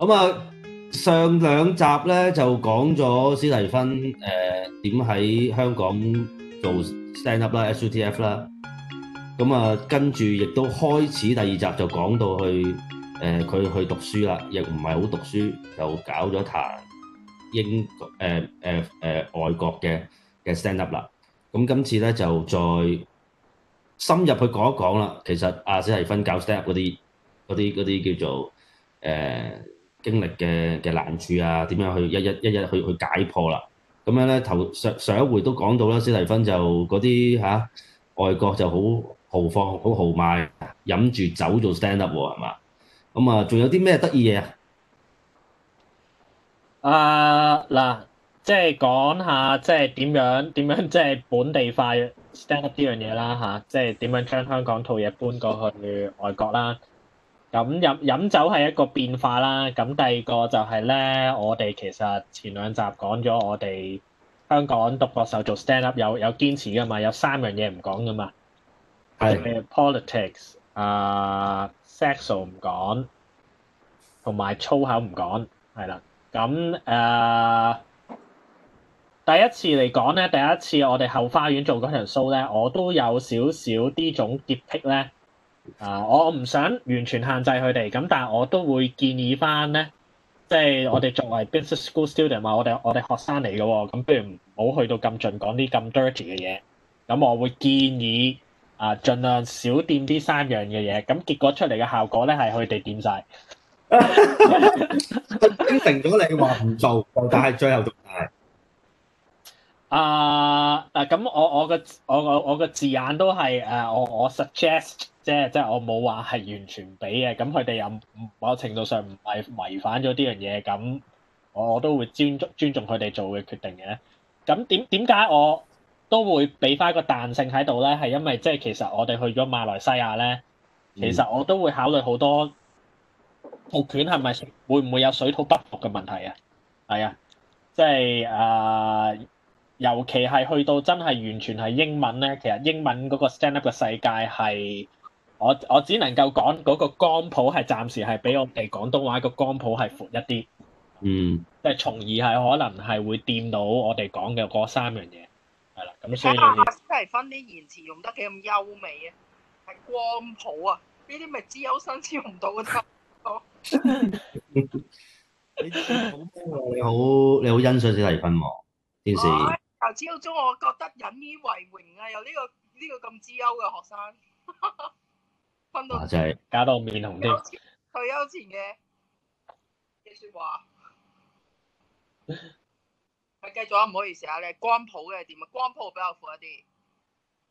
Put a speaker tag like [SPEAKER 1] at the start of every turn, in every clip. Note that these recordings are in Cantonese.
[SPEAKER 1] 咁啊，上兩集咧就講咗史提芬誒點喺香港做 stand up 啦，SUTF 啦。咁啊，跟住亦都開始第二集就講到去誒佢去讀書啦，亦唔係好讀書，就搞咗一壇英誒誒誒外國嘅嘅 stand up 啦。咁今次咧就再深入去講一講啦。其實啊，史提芬搞 stand up 嗰啲嗰啲嗰啲叫做誒。經歷嘅嘅難處啊，點樣去一一一一去去解破啦？咁樣咧，頭上上一回都講到啦，史提芬就嗰啲嚇外國就好豪放、好豪邁，飲住酒做 stand up 喎，係嘛？咁啊，仲有啲咩得意嘢
[SPEAKER 2] 啊？啊嗱、uh,，即係講下即係點樣點樣即係本地化 stand up 呢樣嘢啦吓，即係點樣將香港套嘢搬過去外國啦、啊？咁飲飲酒係一個變化啦。咁第二個就係咧，我哋其實前兩集講咗我哋香港獨角獸做 stand up 有有堅持噶嘛，有三樣嘢唔講噶嘛，係的 politics 啊 s e x u 唔講，同埋粗口唔講，係啦。咁誒、呃、第一次嚟講咧，第一次我哋後花園做嗰場 show 咧，我都有少少呢種潔癖咧。啊！Uh, 我唔想完全限制佢哋，咁但係我都會建議翻咧，即係我哋作為 business school student，話我哋我哋學生嚟嘅，咁不如唔好去到咁盡講啲咁 dirty 嘅嘢。咁我會建議啊，盡量少掂啲三樣嘅嘢。咁結果出嚟嘅效果咧，係佢哋掂晒，
[SPEAKER 1] 成 咗 你話唔做，但係最後都係。
[SPEAKER 2] 啊嗱，咁、uh, 我我個我我我個字眼都係誒、uh,，我 suggest,、就是、我 suggest，即係即係我冇話係完全俾嘅，咁佢哋有某程度上唔係違反咗呢樣嘢，咁我我都會尊重尊重佢哋做嘅決定嘅。咁點點解我都會俾翻個彈性喺度咧？係因為即係、就是、其實我哋去咗馬來西亞咧，其實我都會考慮好多，套拳係咪會唔會有水土不服嘅問題啊？係啊，即係誒。Uh, 尤其係去到真係完全係英文咧，其實英文嗰個 stand up 嘅世界係我我只能夠講嗰個光譜係暫時係比我哋廣東話個光譜係闊一啲，
[SPEAKER 1] 嗯，
[SPEAKER 2] 即係從而係可能係會掂到我哋講嘅嗰三樣嘢，係啦，咁所以史
[SPEAKER 3] 提芬啲言詞用得幾咁優美啊，係光譜啊，呢啲咪資優生先用到嘅。
[SPEAKER 1] 你好你好欣賞史提芬喎，電視。由始到終，我覺得引以為榮啊！有呢個
[SPEAKER 2] 呢個咁資優嘅學生，分到，就係加到面紅啲。退
[SPEAKER 3] 休前嘅嘅説話，咪繼續啊！唔好意思啊，你光譜嘅點啊？光譜比較苦一啲。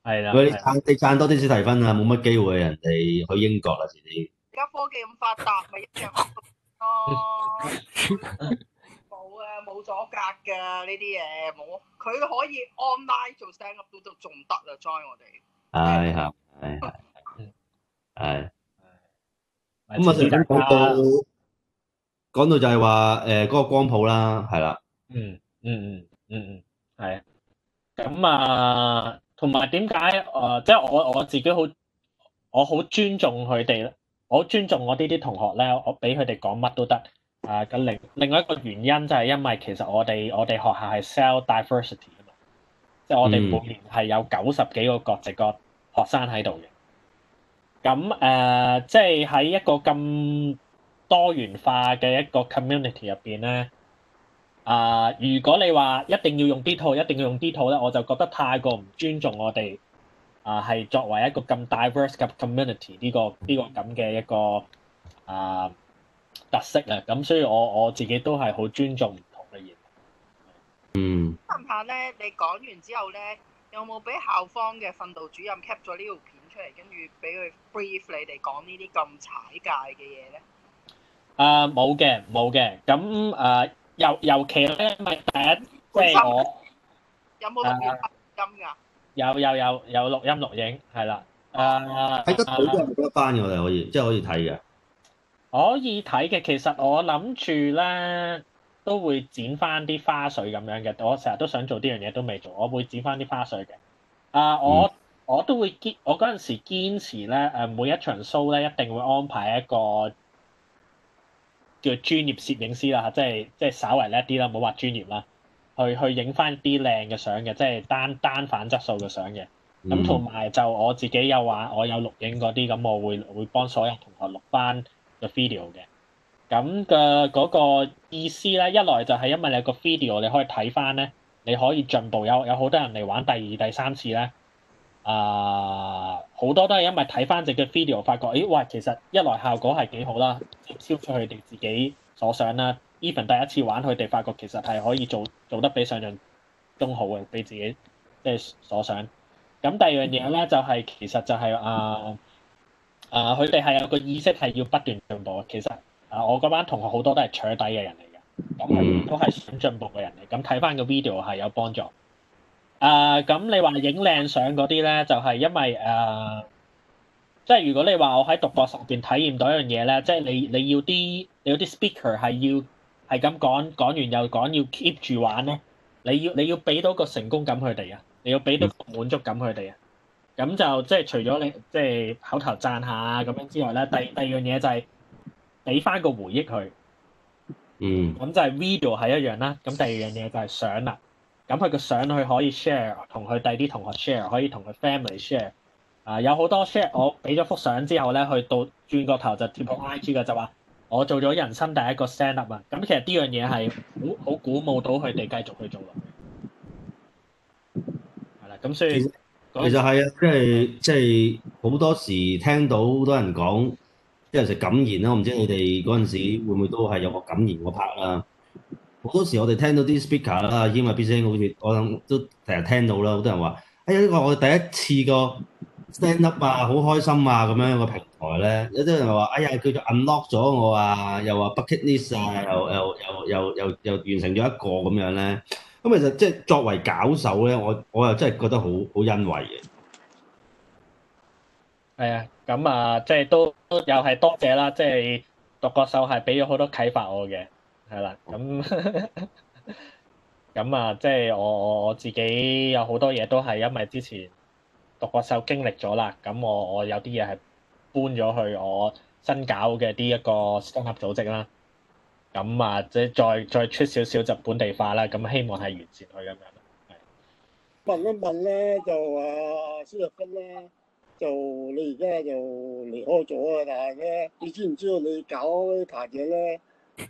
[SPEAKER 1] 係啦。你你賺多啲先提分啊！冇乜機會，人哋去英國啦，遲啲。而家科技咁發達，咪一樣咯。
[SPEAKER 3] 誒，冇阻隔
[SPEAKER 1] 噶呢啲嘢，冇，佢可以 online 做 stand
[SPEAKER 2] up 都都仲得啦，join 我哋。唉，係，係，係，係。咁啊，最近講
[SPEAKER 1] 到講到就係話誒，嗰個光譜啦，係啦。嗯嗯嗯
[SPEAKER 2] 嗯嗯，係。咁啊，同埋點解誒，即係我我自己好，我好尊重佢哋，我尊重我呢啲同學咧，我俾佢哋講乜都得。啊，咁、uh, 另另外一個原因就係因為其實我哋我哋學校係 sell diversity 啊嘛，嗯、即係我哋每年係有九十幾個國籍個學生喺度嘅。咁誒，uh, 即係喺一個咁多元化嘅一個 community 入邊咧，啊、uh，如果你話一定要用啲套，一定要用啲套咧，我就覺得太過唔尊重我哋。啊，係作為一個咁 diverse 嘅 community 呢、呢個呢、呢個咁嘅一個啊。Uh, 特色啊，咁所以我我自己都係好尊重唔同嘅嘢。嗯。問
[SPEAKER 3] 下咧，你講完之後咧，有冇俾校方嘅訓導主任 cap 咗呢條片出嚟，跟住俾佢 brief 你哋講呢啲咁踩界嘅嘢咧？
[SPEAKER 2] 啊，冇嘅，冇嘅。咁啊，尤尤其咧，第一即係我。
[SPEAKER 1] 有冇錄
[SPEAKER 3] 音㗎？
[SPEAKER 2] 有有有有錄音錄影，係啦。啊。睇得到嘅
[SPEAKER 1] 係邊一班嘅我哋可以，即係可以睇嘅。
[SPEAKER 2] 可以睇嘅，其實我諗住咧都會剪翻啲花絮咁樣嘅。我成日都想做呢樣嘢，都未做。我會剪翻啲花絮嘅。啊、uh，我我都會堅，我嗰陣時堅持咧誒，每一場 show 咧一定會安排一個叫專業攝影師啦，即係即係稍為叻啲啦，唔好話專業啦，去去影翻啲靚嘅相嘅，即係單單反質素嘅相嘅。咁同埋就我自己又話，我有錄影嗰啲，咁我會會幫所有同學錄翻。Video 那個 video 嘅咁嘅嗰個意思咧，一來就係因為你個 video 你可以睇返咧，你可以進步。有有好多人嚟玩第二、第三次咧，啊好多都係因為睇返隻嘅 video 發覺，咦、哎、喂，其實一來效果係幾好啦，超出佢哋自己所想啦。Even 第一次玩佢哋發覺其實係可以做做得比上陣仲好嘅，比自己即係所想。咁第二樣嘢咧就係、是、其實就係、是、啊～啊！佢哋係有個意識係要不斷進步。其實啊，uh, 我嗰班同學好多都係坐底嘅人嚟嘅，mm. 都係想進步嘅人嚟。咁睇翻個 video 係有幫助。啊，咁你話影靚相嗰啲咧，就係、係、因為誒，uh, 即係如果你話我喺獨角實驗體驗到一樣嘢咧，即係你你要啲有啲 speaker 係要係咁講講完又講，要 keep 住玩咧。你要你要俾到個成功感佢哋啊，你要俾到個滿足感佢哋啊。Mm. 嗯。咁就即係、就是、除咗你即係、就是、口頭讚下咁樣之外咧，第二第二樣嘢就係俾翻個回憶佢。
[SPEAKER 1] 嗯。
[SPEAKER 2] 咁就係 video 係一樣啦。咁第二樣嘢就係相啦，啊。咁佢個相佢可以 share，同佢第啲同學 share，可以同佢 family share。啊，有好多 share，我俾咗幅相之後咧，佢到轉個頭就貼個 IG 嘅就話：我做咗人生第一個 stand up 啊！咁其實呢樣嘢係好好鼓舞到佢哋繼續去做。係啦，咁所以。
[SPEAKER 1] 其實係啊，即係即係好多時聽到好多人講，即係成感言啦。我唔知你哋嗰陣時會唔會都係有個感言個 part 啦。好多時我哋聽到啲 speaker 啦、英文、b u 好似我諗都成日聽到啦。好多人話：哎呀呢個我第一次個 stand up 啊，好開心啊咁樣個平台咧。有啲人話：哎呀，叫做 unlock 咗我啊，又話 bucket list 啊，又又又又又又完成咗一個咁樣咧。咁其實即係作為搞手咧，我我又真係覺得好好欣慰嘅。
[SPEAKER 2] 係啊，咁啊，即係都又係多謝啦！即係獨角獸係俾咗好多啟發我嘅，係啦，咁咁啊，即係 我我自己有好多嘢都係因為之前獨角獸經歷咗啦，咁我我有啲嘢係搬咗去我新搞嘅啲一個綜合組織啦。咁啊，即係再再出少少就本地化啦，咁希望係完善
[SPEAKER 4] 佢咁樣。
[SPEAKER 5] 問一問咧，就阿史提芬咧，就你而家就離開咗啊，但係咧，你知唔知道你搞呢排嘢咧，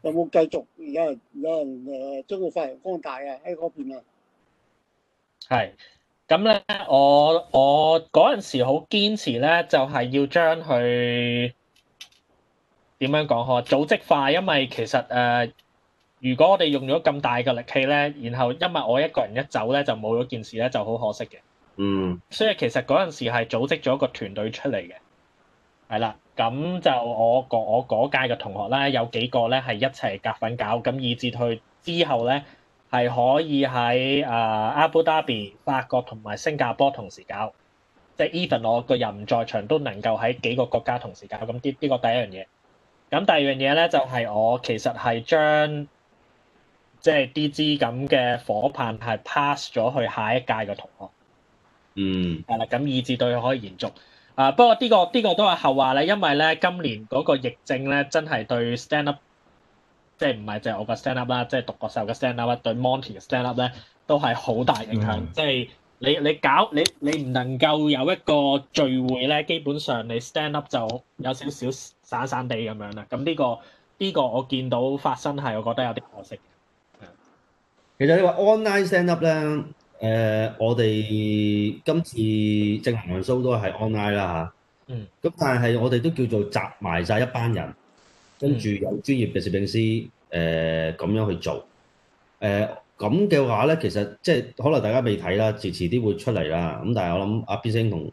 [SPEAKER 5] 有冇繼續而家有人誒將佢發揚光大啊？喺嗰邊啊？
[SPEAKER 2] 係，咁咧，我我嗰陣時好堅持咧，就係、是、要將佢。點樣講好？組織化，因為其實誒、呃，如果我哋用咗咁大嘅力氣咧，然後因為我一個人一走咧，就冇咗件事咧，就好可惜嘅。嗯，所以其實嗰陣時係組織咗個團隊出嚟嘅，係啦。咁就我個我嗰屆嘅同學咧，有幾個咧係一齊夾份搞，咁以至佢之後咧係可以喺誒、呃、阿布達比、法國同埋新加坡同時搞，即係 even 我個人唔在場都能夠喺幾個國家同時搞。咁呢呢個第一樣嘢。咁第二樣嘢咧，就係、是、我其實係將即係啲支咁嘅火棒係 pass 咗去下一屆嘅同學。嗯。係啦、啊，咁以至對佢可以延續。啊，不過呢、這個呢、這個都係後話咧，因為咧今年嗰個疫症咧，真係對 stand up，即係唔係淨係我個 stand up 啦，即係獨角獸嘅 stand up 啦，對 Monty 嘅 stand up 咧，都係好大影響，即係、嗯。你你搞你你唔能夠有一個聚會咧，基本上你 stand up 就有少少散散地咁樣啦。咁呢個呢個我見到發生係，我覺得有啲可惜。
[SPEAKER 1] 其實你話 online stand up 咧，誒，我哋今次正行運 show 都係 online 啦嚇。嗯。咁但係我哋都叫做集埋晒一班人，跟住有專業嘅攝影師誒，咁樣去做誒。咁嘅話咧，其實即係可能大家未睇啦，遲遲啲會出嚟啦。咁但係我諗阿必星同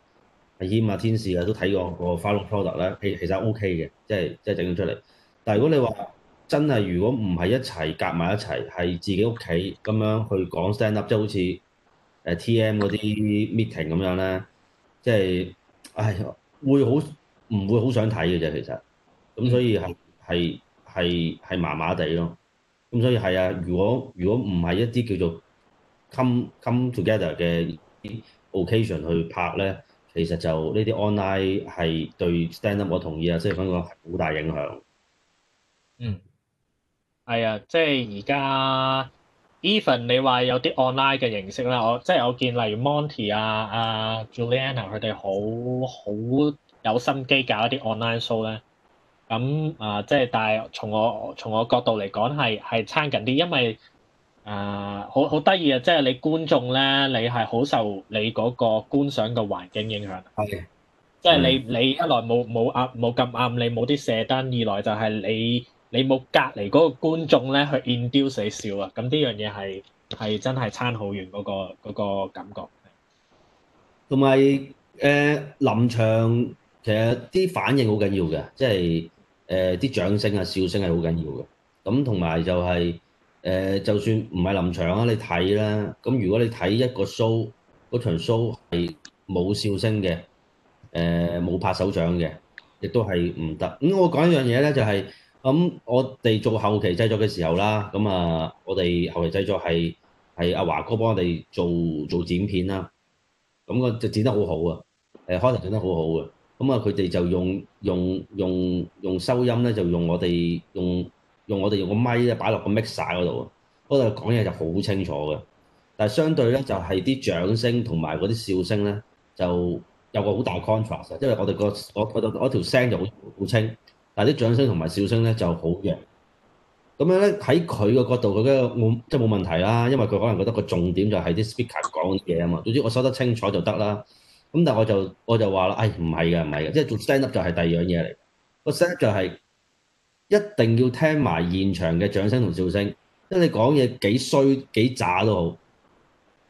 [SPEAKER 1] 阿謙啊、im，天使啊都睇過個 Final Product 咧，其其實 OK 嘅，即係即係整咗出嚟。但係如果你話真係，如果唔係一齊夾埋一齊，係自己屋企咁樣去講 stand up，即係好似誒 TM 嗰啲 meeting 咁樣咧，即係唉、哎，會好唔會好想睇嘅啫。其實咁所以係係係係麻麻地咯。咁所以係啊，如果如果唔係一啲叫做 come come together 嘅 occasion 去拍咧，其實就呢啲 online 係對 stand up 我同意啊，即係講講好大影響。
[SPEAKER 2] 嗯，係啊，即係而家 even 你話有啲 online 嘅形式啦，我即係我見例如 Monty 啊啊 Juliana 佢哋好好有心機搞一啲 online show 咧。咁啊，即係、嗯、但係，從我從我角度嚟講，係係差緊啲，因為啊，好好得意啊！即係、就是、你觀眾咧，你係好受你嗰個觀賞嘅環境影響。係 Okay,。
[SPEAKER 4] 即係你你一
[SPEAKER 2] 來冇冇暗冇咁暗，你冇啲射燈；二來就係你你冇隔離嗰個觀眾咧去 induce 你笑啊！咁呢樣嘢係係真係差好遠嗰、嗰個嗰個感覺。
[SPEAKER 1] 同埋誒臨場其實啲反應好緊要嘅，即係。誒啲、呃、掌聲啊、笑聲係好緊要嘅，咁同埋就係、是、誒、呃，就算唔係臨場啊，你睇啦，咁如果你睇一個 show，嗰場 show 係冇笑聲嘅，誒、呃、冇拍手掌嘅，亦都係唔得。咁、嗯、我講一樣嘢咧，就係、是、咁、嗯，我哋做後期製作嘅時候啦，咁啊，我哋後期製作係係阿華哥幫我哋做做剪片啦，咁個就剪得好好、啊、嘅，誒、呃、開頭剪得好好、啊、嘅。咁啊，佢哋就用用用用收音咧，就用我哋用用我哋用個咪咧，擺落個 mixer 嗰度，嗰度講嘢就好清楚嘅。但係相對咧，就係啲掌聲同埋嗰啲笑聲咧，就有個好大 contrast，因為我哋、嗰個我我我條聲就好好清，但係啲掌聲同埋笑聲咧就好弱。咁樣咧，喺佢個角度，佢都我即係冇問題啦，因為佢可能覺得個重點就係啲 speaker 講嘢啊嘛。總之我收得清楚就得啦。咁但我就我就話啦，唉、哎，唔係嘅，唔係嘅，即係做 stand up set up 就係第二樣嘢嚟。個 set up 就係一定要聽埋現場嘅掌聲同笑聲，即你講嘢幾衰幾渣都好。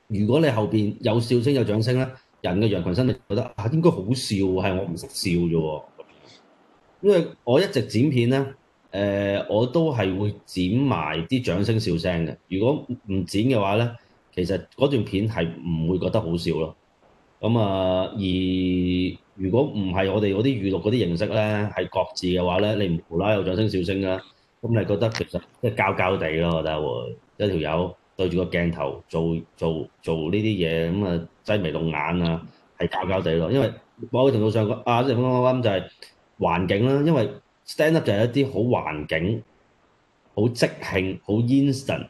[SPEAKER 1] 如果你後邊有笑聲有掌聲咧，人嘅羊群心理覺得啊應該好笑，係我唔識笑啫。因為我一直剪片咧，誒、呃、我都係會剪埋啲掌聲笑聲嘅。如果唔剪嘅話咧，其實嗰段片係唔會覺得好笑咯。咁啊！而如果唔係我哋嗰啲娛樂嗰啲形式咧，係各自嘅話咧，你唔無啦又掌聲笑聲啦，咁你覺得其實即係膠膠哋咯，我覺得一條友對住個鏡頭做做做呢啲嘢，咁啊擠眉弄眼啊，係膠膠哋咯。因為某程度上講啊，即啱咁咁就係環境啦，因為 stand up 就係一啲好環境、好即興、好 instant、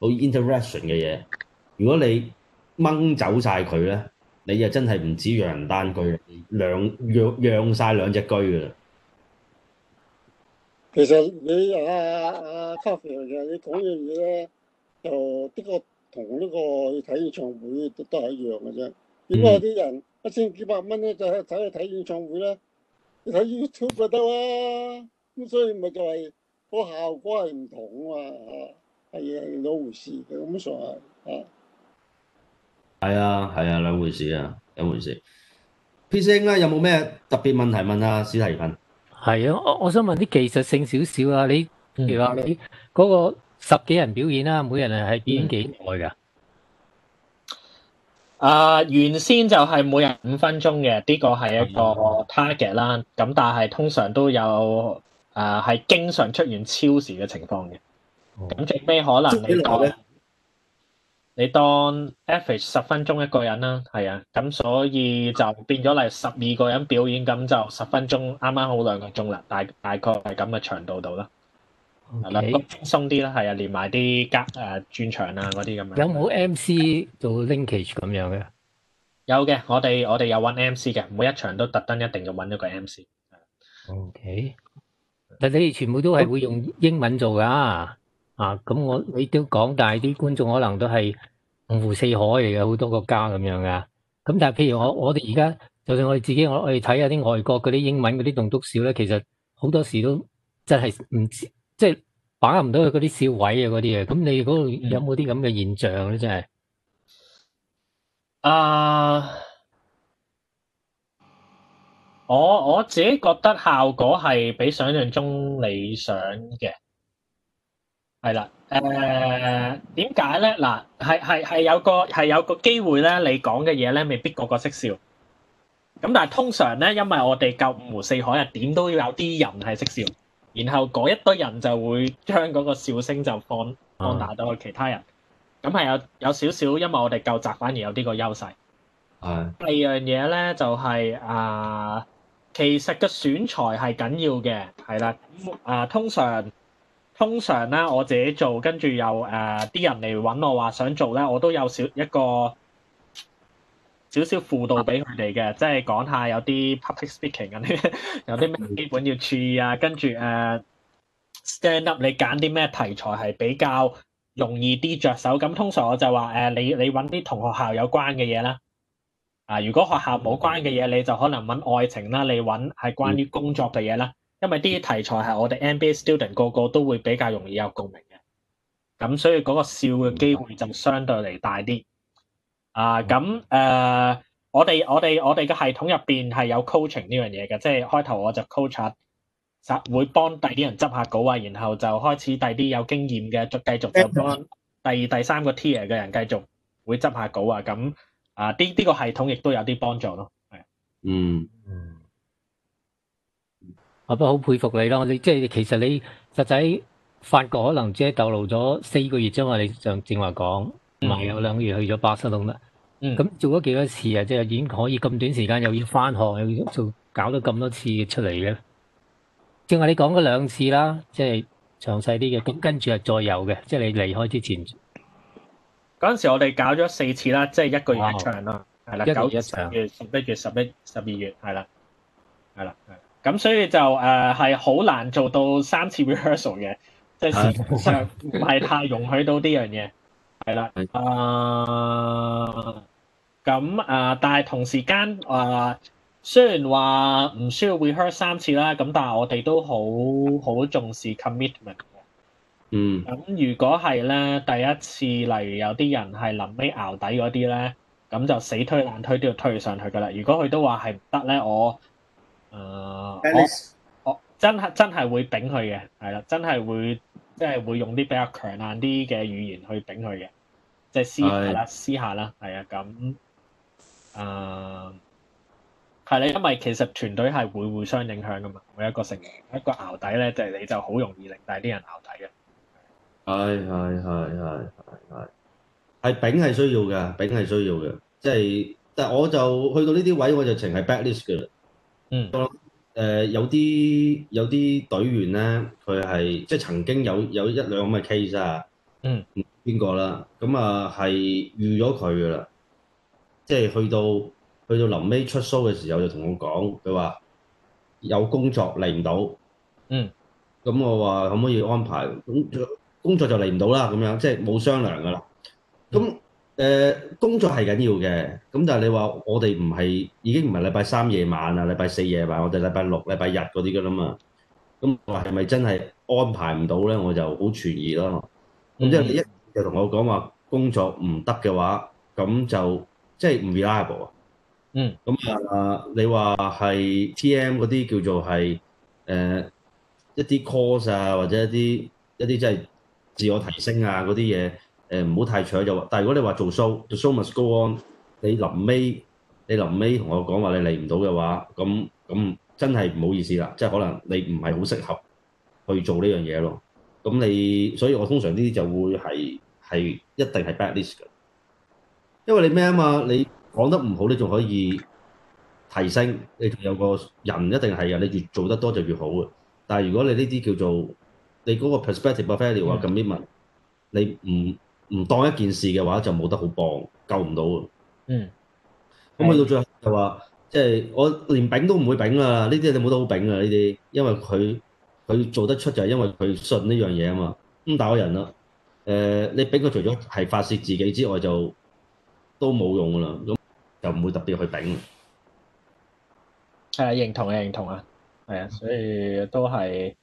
[SPEAKER 1] 好 interaction 嘅嘢。如果你掹走晒佢咧，你又真係唔止讓人單居，兩讓讓曬兩隻居噶啦。
[SPEAKER 5] 其實你阿阿 Kaffy 其實你講嘅嘢咧，就的確同呢個去睇演唱會都都係一樣嘅啫。點解有啲人一千幾百蚊咧就走去睇演唱會咧，你睇 YouTube 就得啦。咁所以咪就係個效果係唔同啊嘛。係啊，兩回事，咁唔錯啊。
[SPEAKER 1] 係啊，係啊，兩回事啊，兩回事。PCN 呢，有
[SPEAKER 6] 冇咩特別問題問啊？史提芬？係啊，我我想問啲技術性少少啊。你，譬如話你嗰個十幾人表演啦，每人係表演幾耐噶，嗯？啊，原先就係每人五分鐘嘅，呢，這個係一
[SPEAKER 2] 個 target 啦。咁，啊，但係通常都有，誒、呃、係經常出現超時嘅情況嘅。咁即係可能你講？你當 average 十分鐘一個人啦，係啊，咁所以就變咗嚟十二個人表演，咁就十分鐘，啱啱好兩個鐘啦，大大概係咁嘅長度度啦。OK，鬆啲啦，係啊，連埋啲隔誒轉場啊嗰啲咁樣。
[SPEAKER 6] 有冇 MC 做 linkage 咁樣嘅？
[SPEAKER 2] 有嘅，我哋我哋有揾 MC 嘅，每一場都特登一定要揾咗個 MC。
[SPEAKER 6] OK，但係你哋全部都係會用英文做㗎。啊，咁我你都講，但係啲觀眾可能都係五湖四海嚟嘅，好多國家咁樣嘅。咁但係譬如我我哋而家，就算我哋自己我我哋睇下啲外國嗰啲英文嗰啲棟篤笑咧，其實好多時都真係唔知即係把握唔到佢嗰啲笑位啊，嗰啲嘢。咁你嗰度有冇啲咁嘅現象咧？真係。
[SPEAKER 2] 啊，我我自己覺得效果係比想象中理想嘅。係啦，誒，點解咧？嗱，係係係有個係有個機會咧，你講嘅嘢咧，未必個個識笑。咁但係通常咧，因為我哋夠五湖四海啊，點都要有啲人係識笑，然後嗰一堆人就會將嗰個笑聲就放放大到去其他人。咁係有有少少，因為我哋夠雜，反而有呢個優勢。係。第二樣嘢咧就係啊，其實個選材係緊要嘅，係啦，啊，通常。通常咧，我自己做，跟住又誒啲、呃、人嚟揾我話想做咧，我都有少一個少少輔導俾佢哋嘅，即係講下有啲 public speaking 有啲咩基本要注意啊，跟住誒、呃、stand up 你揀啲咩題材係比較容易啲着手。咁通常我就話誒、呃，你你揾啲同學校有關嘅嘢啦。啊、呃，如果學校冇關嘅嘢，你就可能揾愛情啦，你揾係關於工作嘅嘢啦。因為啲題材係我哋 MBA student 個個都會比較容易有共鳴嘅，咁所以嗰個笑嘅機會就相對嚟大啲。啊，咁誒、呃，我哋我哋我哋嘅系統入邊係有 coaching 呢樣嘢嘅，即係開頭我就 coach，會幫第啲人執下稿啊，然後就開始第啲有經驗嘅，再繼續就幫第二 第三個 tier 嘅人繼續會執下稿啊。咁啊，啲呢個系統亦都有啲幫助咯，
[SPEAKER 1] 係。嗯。
[SPEAKER 6] 我都好佩服你咯！你即係其實你實際發覺可能只係逗留咗四個月啫嘛？你上正話講，同埋有兩個月去咗巴塞隆啦。嗯，咁做咗幾多次啊？即係已經可以咁短時間又要翻學又要做搞到咁多次出嚟嘅？正話你講咗兩次啦，即係詳細啲嘅。咁跟住又再有嘅，即係你離開之前嗰
[SPEAKER 2] 陣時，我哋搞咗四次啦，即係一個月一場啦，係啦，九月、十一月、十二月，係啦，係啦，係。咁所以就誒係好難做到三次 rehearsal 嘅，即係事實唔係太容許到呢樣嘢，係啦。咁、uh, 啊，uh, 但係同時間啊，uh, 雖然話唔需要 rehearsal 三次啦，咁但係我哋都好好重視 commitment 嘅。嗯。咁如果係咧，第一次例如有啲人係臨尾熬底嗰啲咧，咁就死推爛推都要推上去噶啦。如果佢都話係唔得咧，我。誒，我、uh, 真係真係會頂佢嘅，係啦，真係會即係會用啲比較強硬啲嘅語言去頂佢嘅，即係私下啦，sì、私下啦，係啊、嗯，咁誒係啦，因為其實團隊係會互相影響噶嘛，每一個成員一個淆底咧，就係你就好容易令大啲人淆底嘅。係
[SPEAKER 1] 係係係係係，係頂係需要噶，頂係需要嘅，即係但係我就去到呢啲位，我就淨係 bad list 噶。嗯，我誒有啲有啲隊員咧，佢係即係曾經有有一兩咁嘅 case 啊，嗯，邊個啦？咁啊係預咗佢噶啦，即係去到去到臨尾出 show 嘅時候就，就同我講，佢話有工作嚟唔到，嗯，咁我話可唔可以安排？咁工，工作就嚟唔到啦，咁樣即係冇商量噶啦，咁、嗯。誒、uh, 工作係緊要嘅，咁但係你話我哋唔係已經唔係禮拜三夜晚啊，禮拜四夜晚，我哋禮拜六、禮拜日嗰啲㗎啦嘛。咁係咪真係安排唔到咧？我就好存疑啦。
[SPEAKER 4] 咁即係你一
[SPEAKER 1] 就同我講話工作唔得嘅話，咁就即係唔 reliable 啊。就是、re 嗯。咁啊，你話係 T.M. 嗰啲叫做係誒、呃、一啲 course 啊，或者一啲一啲即係自我提升啊嗰啲嘢。誒，唔好太搶就話，但係如果你話做 show，做 show the show must go on 你。你臨尾，你臨尾同我講話你嚟唔到嘅話，咁咁真係唔好意思啦。即係可能你唔係好適合去做呢樣嘢咯。咁你所以我通常呢啲就會係係一定係 bad list 嘅，因為你咩啊嘛？你講得唔好，你仲可以提升。你仲有個人一定係啊，你越做得多就越好啊。但係如果你呢啲叫做你嗰個 perspective a failure 話咁啲乜，你唔、嗯、～你唔當一件事嘅話，就冇得好幫，救唔到。嗯。
[SPEAKER 2] 咁去到最
[SPEAKER 1] 後就話，即、就、係、是、我連丙都唔會丙啊！呢啲你冇得好丙啊！呢啲，因為佢佢做得出就係因為佢信呢樣嘢啊嘛。咁打係人啦，誒、呃，你丙佢除咗係發泄自己之外就，都就都冇用噶啦。咁就唔會特別去丙。係
[SPEAKER 2] 啊，認同啊，認同啊，係啊，所以都係。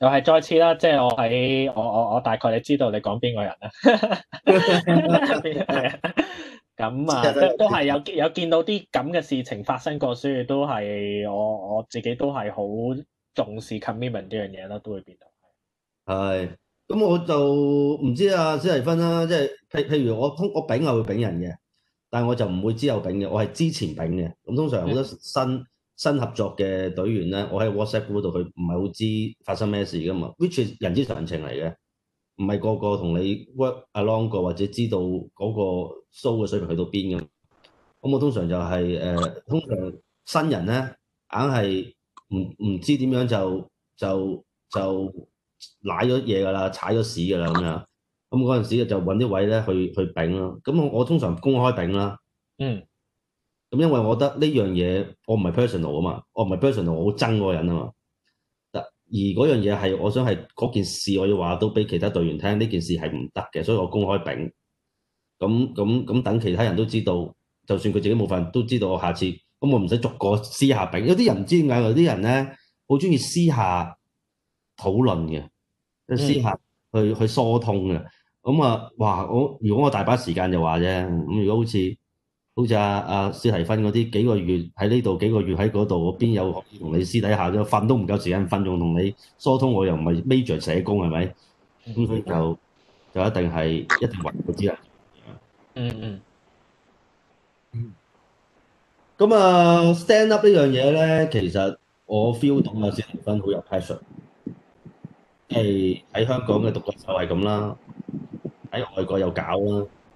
[SPEAKER 2] 又係再次啦，即、就、係、是、我喺我我我大概你知道你講邊個人啦，咁 啊、就是、都係有有見到啲咁嘅事情發生過，所以都係我我自己都係好重視 commitment 呢樣嘢啦，都會變到
[SPEAKER 1] 係。咁我就唔知啊，史提芬啦、啊，即、就、係、是、譬譬如我通我丙係會丙人嘅，但係我就唔會之後丙嘅，我係之前丙嘅，咁通常好多新。新合作嘅隊員咧，我喺 WhatsApp 嗰度，佢唔係好知發生咩事噶嘛，which is 人之常情嚟嘅，唔係個個同你 work along 過或者知道嗰個 show 嘅水平去到邊嘅。咁我通常就係、是、誒、呃，通常新人咧硬係唔唔知點樣就就就瀨咗嘢㗎啦，踩咗屎㗎啦咁樣。咁嗰陣時就揾啲位咧去去頂咯。咁我通常公開頂啦。嗯。咁因為我覺得呢樣嘢，我唔係 personal 啊嘛，我唔係 personal，我好憎嗰個人啊嘛。而嗰樣嘢係我想係嗰件事，我，我，personal, 我，事我，事我要話到俾其他隊員聽，呢件事係唔得嘅，所以我公開丙。咁咁咁等其他人都知道，就算佢自己冇份都知道，我下次咁我唔使逐個私下丙。有啲人唔知點解，有啲人咧好中意私下討論嘅，嗯、私下去去疏通嘅。咁啊，哇！我如果我大把時間就話啫，咁如果好似～好似阿阿史提芬嗰啲，幾個月喺呢度，幾個月喺嗰度，邊有同你私底下咗，瞓都唔夠時間瞓，仲同你疏通，我又唔係 major 社工係咪？咁所以就就一定係一定混嗰啲啦。嗯嗯。嗯。咁啊，uh，stand up 呢樣嘢咧，其實我 feel 到阿史提芬好有 passion，係喺香港嘅獨角獸係咁啦，喺外國又搞啦。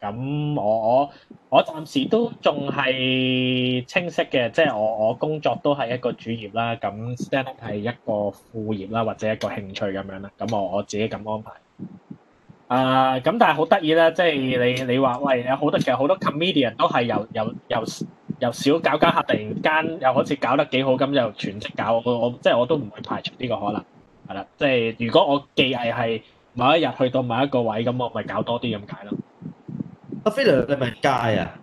[SPEAKER 2] 咁我我我暫時都仲係清晰嘅，即係我我工作都係一個主業啦。咁 stand up 係一個副業啦，或者一個興趣咁樣啦。咁我我自己咁安排。啊，咁但係好得意啦，即係你你話喂有好多其實好多 comedian 都係由由由由少搞搞下，突然間又好似搞得幾好咁，又全職搞我我即係我都唔會排除呢個可能係啦。即係如果我技藝係某一日去到某一個位，咁我咪搞多啲咁解咯。阿飛，你係咪街啊？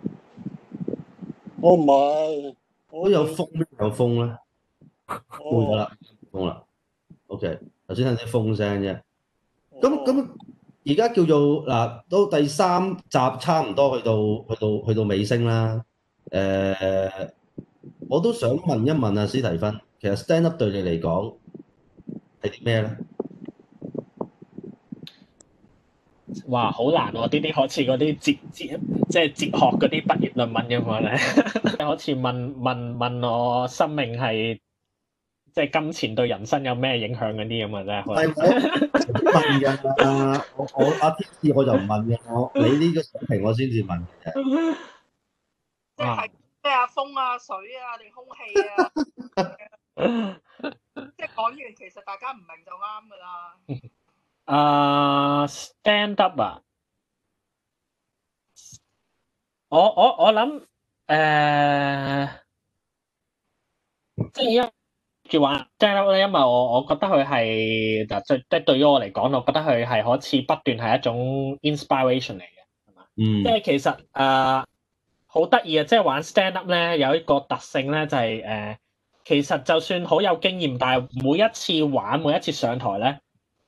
[SPEAKER 5] 我唔係，我有風咩？
[SPEAKER 1] 有風咧，冇咗啦，冇風啦。O K，頭先聽啲風聲啫。咁咁，而家叫做嗱，都第三集差唔多去到去到去到尾聲啦。誒，我都想問一問啊，史提芬，其實 stand up 對你嚟講
[SPEAKER 5] 係啲咩咧？
[SPEAKER 2] 哇，難啊、好難喎！啲啲好似嗰啲哲哲，即係哲學嗰啲畢業論文咁樣咧，嗯、 你好似問問問我生命係即係金錢對人生有咩影響嗰啲咁啊，真
[SPEAKER 1] 係。問嘅吧， 我我阿天志，我就唔問嘅，我你呢個水平我先至問 即係
[SPEAKER 3] 咩啊風啊水啊定空氣啊， 即係講完，其實大家唔明就啱噶啦。
[SPEAKER 2] 誒、uh,，stand up 啊！我我我諗誒，uh, 即係因住玩，stand up 咧，因為我 up, 因為我覺得佢係就最即係對於我嚟講，我覺得佢係好似不斷係一種 inspiration 嚟嘅，係嘛？嗯、mm. uh,，即係其實誒，好得意啊！即係玩 stand up 咧，有一個特性咧，就係、是、誒，uh, 其實就算好有經驗，但係每一次玩，每一次上台咧。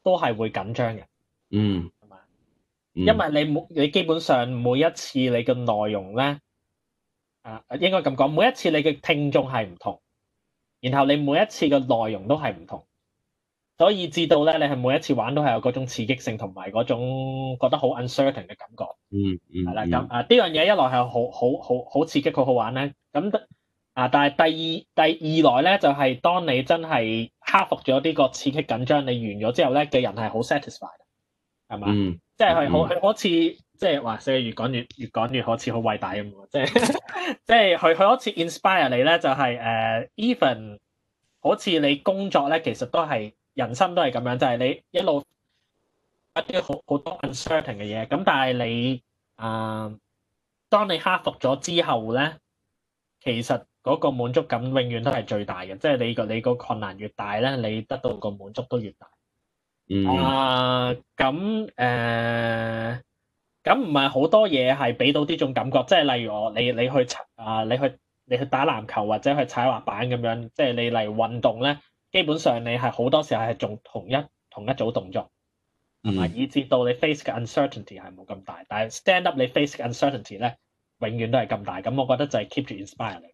[SPEAKER 2] 都係會緊張嘅，嗯，
[SPEAKER 1] 係嘛？因
[SPEAKER 2] 為你每你基本上每一次你嘅內容咧，啊，應該咁講，每一次你嘅聽眾係唔同，然後你每一次嘅內容都係唔同，所以至到咧，你係每一次玩都係有嗰種刺激性同埋嗰種覺得好 uncertain 嘅感覺，嗯嗯，係啦，咁啊呢樣嘢一來係好好好好刺激，好好玩咧，咁。啊！但係第二第二來咧，就係、是、當你真係克服咗呢個刺激緊張，你完咗之後咧嘅人係好 satisfied，係嘛？嗯， 即係佢好佢好似即係話，所以越講越越講越好似好偉大咁即係即係佢佢好似 inspire 你咧，就係、是、誒、uh,，even 好似你工作咧，其實都係人生都係咁樣，就係、是、你一路一啲好好多 uncertainty 嘅嘢，咁但係你啊，uh, 當你克服咗之後咧，其實～嗰個滿足感永遠都係最大嘅，即係你個你個困難越大咧，你得到個滿足都越大。嗯。
[SPEAKER 1] Mm-hmm. 啊，uh，
[SPEAKER 2] 咁誒，咁唔係好多嘢係俾到呢種感覺，即係例如我你你去啊，你去，uh，你去，你去打籃球或者去踩滑板咁樣，即係你嚟運動咧，基本上你係好多時候係做同一同一組動作，同埋，mm-hmm. 以至到你 face 嘅 uncertainty 係冇咁大，但係 stand up 你 face 嘅 uncertainty 咧，永遠都係咁大。咁我覺得就係 keep 住 inspire 你。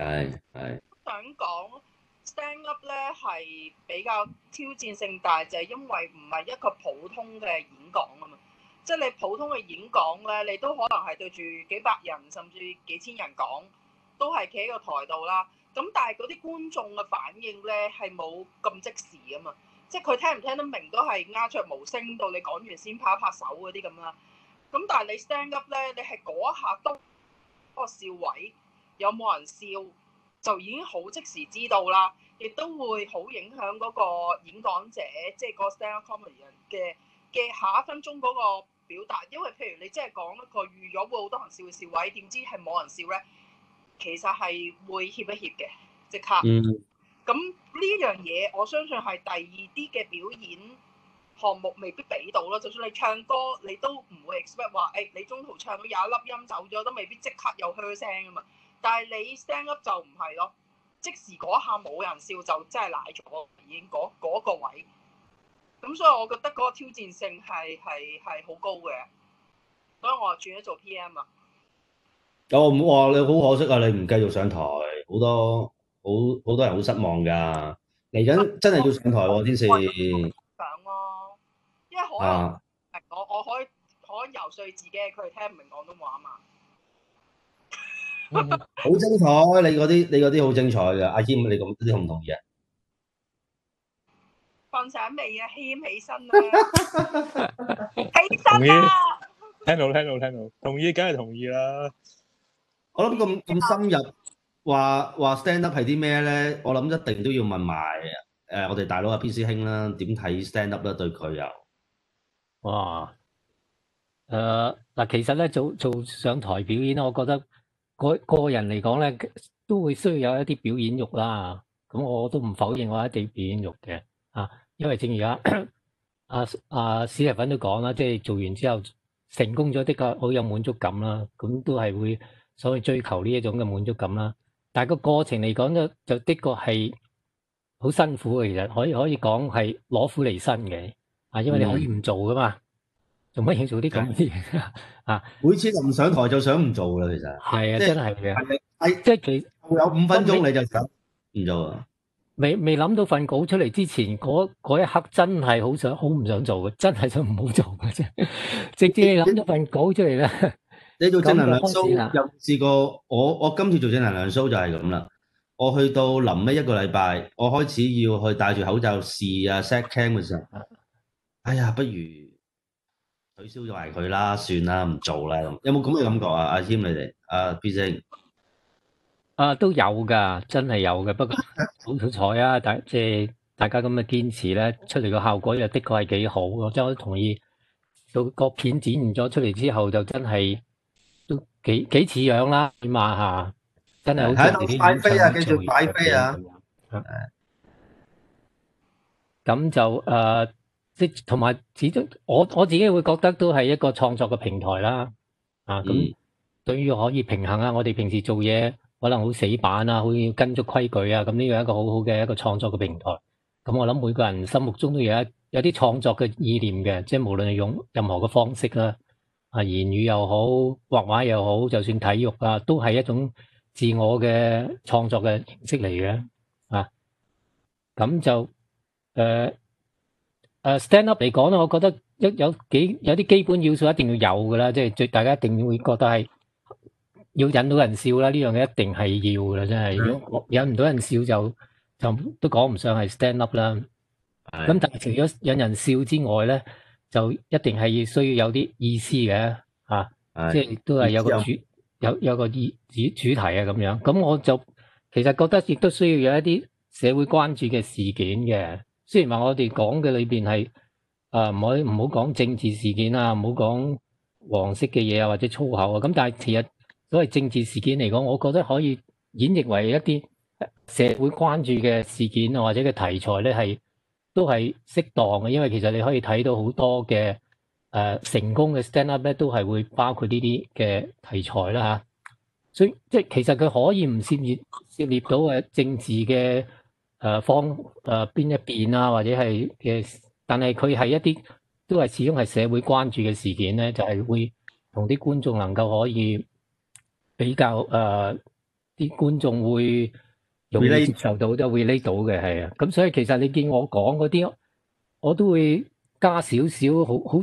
[SPEAKER 2] 係，係 Yeah、yeah。想講
[SPEAKER 3] stand up 咧，係比較挑戰性大，就係、是、因為唔係一個普通嘅演講啊嘛。即、就、係、是、你普通嘅演講咧，你都可能係對住幾百人，甚至幾千人講，都係企喺個台度啦。咁但係嗰啲觀眾嘅反應咧，係冇咁即時啊嘛。即係佢聽唔聽得明都係鴉雀無聲到你講完先拍一拍手嗰啲咁啦。咁但係你 stand up 咧，你係嗰一下都嗰個笑位。有冇人笑就已經好即時知道啦，亦都會好影響嗰個演講者，即係個 stand comedian 嘅嘅下一分鐘嗰個表達。因為譬如你即係講一個預咗會好多人笑嘅笑位，點知係冇人笑咧？其實係會怯一怯嘅即刻。咁呢、嗯、樣嘢，我相信係第二啲嘅表演項目未必俾到咯。就算你唱歌，你都唔會 expect 話誒、哎，你中途唱到有一粒音走咗，都未必即刻有噓聲啊嘛。但係你 stand up 就唔係咯，即時嗰下冇人笑就真係賴咗，已經嗰個位。咁所以我覺得嗰個挑戰性係係係好高嘅，所以我轉咗做 PM 啊。好、
[SPEAKER 1] 哦、哇！你好可惜啊，你唔繼續上台，好多好好多人好失望㗎。嚟緊真係要上台喎，天使、啊。想、啊、咯，因為可能、啊、我我可以可以遊説自己，佢哋聽唔明廣東話嘛。好 精彩，你嗰啲你嗰啲好精彩嘅，阿謙你啲同唔同意啊？放上未
[SPEAKER 3] 啊？謙起身，起身
[SPEAKER 4] 啊！ 了 同意，聽到聽到聽到，同意梗係同意啦。意
[SPEAKER 1] 我諗咁咁深入，話話 stand up 係啲咩咧？我諗一定都要問埋誒，我哋大佬阿 P 師兄啦，點睇 stand up 咧？對佢又
[SPEAKER 6] 哇誒，嗱、呃，其實咧做做上台表演咧，我覺得。個個人嚟講咧，都會需要有一啲表演慾啦。咁我都唔否認我有一啲表演慾嘅。啊，因為正如阿阿阿史提芬都講啦，即係做完之後成功咗，的確好有滿足感啦。咁都係會所謂追求呢一種嘅滿足感啦。但係個過程嚟講，就就的確係好辛苦嘅。其實可以可以講係攞苦嚟辛嘅。啊，因為你可以唔做㗎嘛。做乜嘢？做啲咁嘅嘢啊！每次臨
[SPEAKER 1] 上台就想唔做啦，其實係
[SPEAKER 6] 啊，真係嘅。係咪係即係有五分鐘你就想唔做啊？未未諗到份稿出嚟之前，嗰嗰一刻真係好想，好唔想做嘅，真係想唔好做嘅啫。直至諗到份稿出嚟咧，你做正能量 show 有
[SPEAKER 1] 試過？我我今次做正能量 show 就係咁啦。我去到臨尾一個禮拜，我開始要去戴住口罩試啊 set cam 嘅時候，哎呀，不如～取消咗佢啦，算啦，唔做啦。有冇咁嘅感覺啊？阿謙，你哋啊，B
[SPEAKER 6] 生啊，都有噶？真係有嘅。不過好彩啊，大即係大家咁嘅堅持咧，出嚟，個效果又的確係幾好。我真係都同意，到個片剪完咗出嚟之後，就真係都幾幾似樣啦。起碼吓，真係好睇。喺度擺飛啊！繼續
[SPEAKER 3] 擺飛啊！
[SPEAKER 6] 咁就誒。同埋，始終我我自己會覺得都係一個創作嘅平台啦，嗯、啊咁對於可以平衡啊，我哋平時做嘢可能好死板啊，好似要跟足規矩啊，咁呢樣一個好好嘅一個創作嘅平台。咁我諗每個人心目中都有，有一有啲創作嘅意念嘅，即係無論用任何嘅方式啦，啊言語又好，畫畫又好，就算體育啊，都係一種自我嘅創作嘅形式嚟嘅，啊咁就誒。呃誒 stand up 嚟講咧，我覺得一有幾有啲基本要素一定要有嘅啦，即係最大家一定會覺得係要引到人笑啦，呢樣嘢一定係要嘅啦，真係如果引唔到人笑就就都講唔上係 stand up 啦。咁但係除咗引人笑之外咧，就一定係需要有啲意思嘅嚇，即係亦都係有個主有有個主主題啊咁樣。咁我就其實覺得亦都需要有一啲社會關注嘅事件嘅。雖然話我哋講嘅裏邊係啊，唔、呃、可以唔好講政治事件啊，唔好講黃色嘅嘢啊，或者粗口啊。咁但係其實所謂政治事件嚟講，我覺得可以演繹為一啲社會關注嘅事件啊，或者嘅題材咧，係都係適當嘅。因為其實你可以睇到好多嘅誒、呃、成功嘅 stand up 咧，都係會包括呢啲嘅題材啦吓、啊，所以即係其實佢可以唔涉獵涉獵到誒政治嘅。誒，放誒邊一邊啊，或者係嘅，但係佢係一啲都係始終係社會關注嘅事件咧，就係會同啲觀眾能夠可以比較誒，啲觀眾會容易接受到，都會呢到嘅係啊。咁所以其實你見我講嗰啲，我都會加少少好好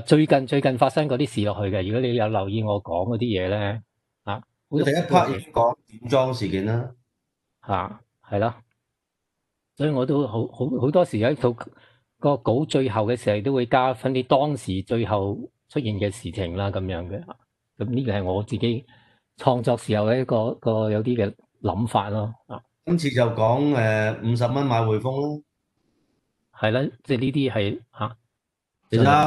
[SPEAKER 6] 誒，最近最近發生嗰啲事落去嘅。如果你有留意我講嗰啲嘢咧，啊，我第一 part 已經講點裝事件啦，吓係啦。所以我都好好好多時喺套個稿最後嘅時候，都會加分啲當時最後出現嘅事情啦咁樣嘅，咁呢個係我自己創作時候一個一個有啲嘅諗法咯。今次就講誒五十蚊買匯豐咯，係啦，即係呢啲係嚇。啊、其實阿、啊、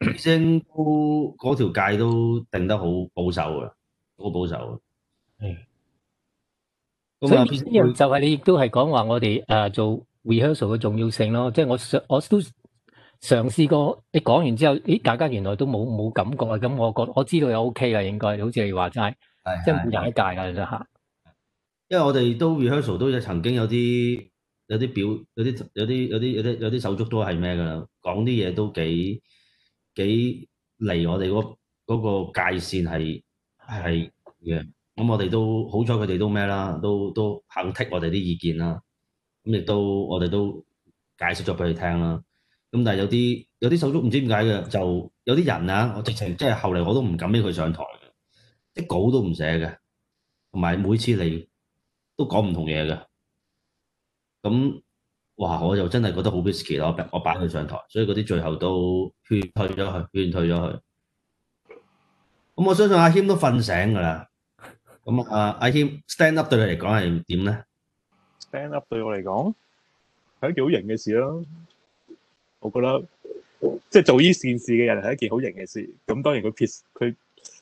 [SPEAKER 1] 阿聲、 啊、都嗰條界都定得好保守㗎，好保守。
[SPEAKER 5] 係。呢樣
[SPEAKER 6] 就係你亦都係講話我哋誒做 rehearsal 嘅重要性咯，即係我嘗我都嘗試過。你講完之後，咦，大家原來都冇冇感覺啊？咁我覺我知道有 OK 啦，應該好似你話齋，即係每人一界啦嚇。係係係，因
[SPEAKER 1] 為我哋都 rehearsal 都有曾經有啲有啲表有啲有啲有啲有啲有啲手足都係咩噶啦，講啲嘢都幾幾離我哋嗰嗰個界線係係嘅。咁我哋都好彩，佢哋都咩啦，都都肯剔我哋啲意見啦。咁亦都我哋都解釋咗俾佢聽啦。咁但係有啲有啲手足唔知點解嘅，就有啲人啊，我直情即係後嚟我都唔敢俾佢上台，啲、那個、稿都唔寫嘅，同埋每次嚟都講唔同嘢嘅。咁哇，我就真係覺得好 risky 咯，我我擺佢上台，所以嗰啲最後都勸退咗去，勸退咗去。咁我相信阿謙都瞓醒噶啦。咁啊，阿謙，stand up 對佢嚟講係點咧
[SPEAKER 4] ？Stand up 對我嚟講係一件好型嘅事囉，我覺得即係做呢件事嘅人係一件好型嘅事。咁當然佢其實佢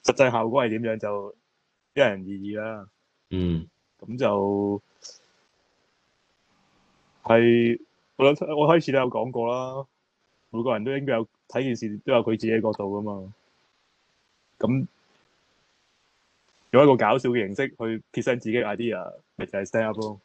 [SPEAKER 4] 實際效果係點樣就因人而異啦。嗯，咁就係我諗我開始都有講過啦。每個人都應該有睇件事都有佢自己角度噶嘛。咁。用一個搞笑嘅形式去 present 自己 idea，咪就係 stand up 咯。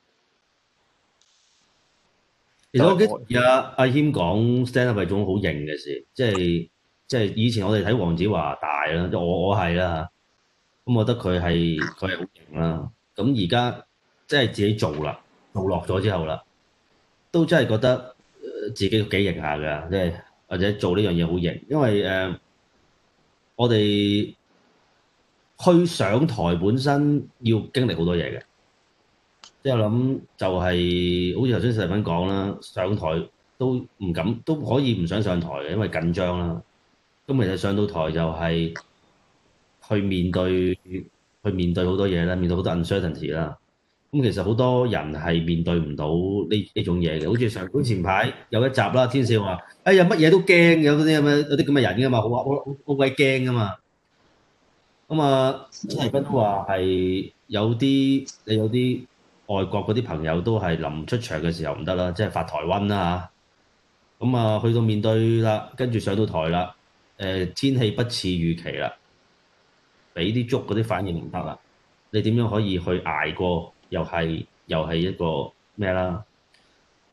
[SPEAKER 4] 其實我記
[SPEAKER 1] 得阿謙講 stand up 係種好型嘅事，即係即係以前我哋睇黃子華大啦，即係我我係啦吓。咁我覺得佢係佢係好型啦。咁而家即係自己做啦，做落咗之後啦，都真係覺得自己幾型下噶，即係或者做呢樣嘢好型。因為誒、呃，我哋。去上台本身要經歷多就係就係好多嘢嘅。即係我諗就係好似頭先細品講啦，上台都唔敢，都可以唔想上台嘅，因為緊張啦。咁其實上到台就係去面對，去面對好多嘢啦，面對好多 uncertainty 啦。咁其實好多人係面對唔到呢呢種嘢嘅，好似上觀前排有一集啦，天笑話：哎呀，乜嘢都驚嘅啲咁嘅有啲咁嘅人噶嘛，好啊，我好鬼驚噶嘛。咁啊，即係不都話係有啲，你有啲外國嗰啲朋友都係臨出場嘅時候唔得啦，即係發台瘟啦吓，咁、嗯、啊，去到面對啦，跟住上到台啦，誒、呃、天氣不似預期啦，俾啲足嗰啲反應唔得啦。你點樣可以去捱過？又係又係一個咩啦？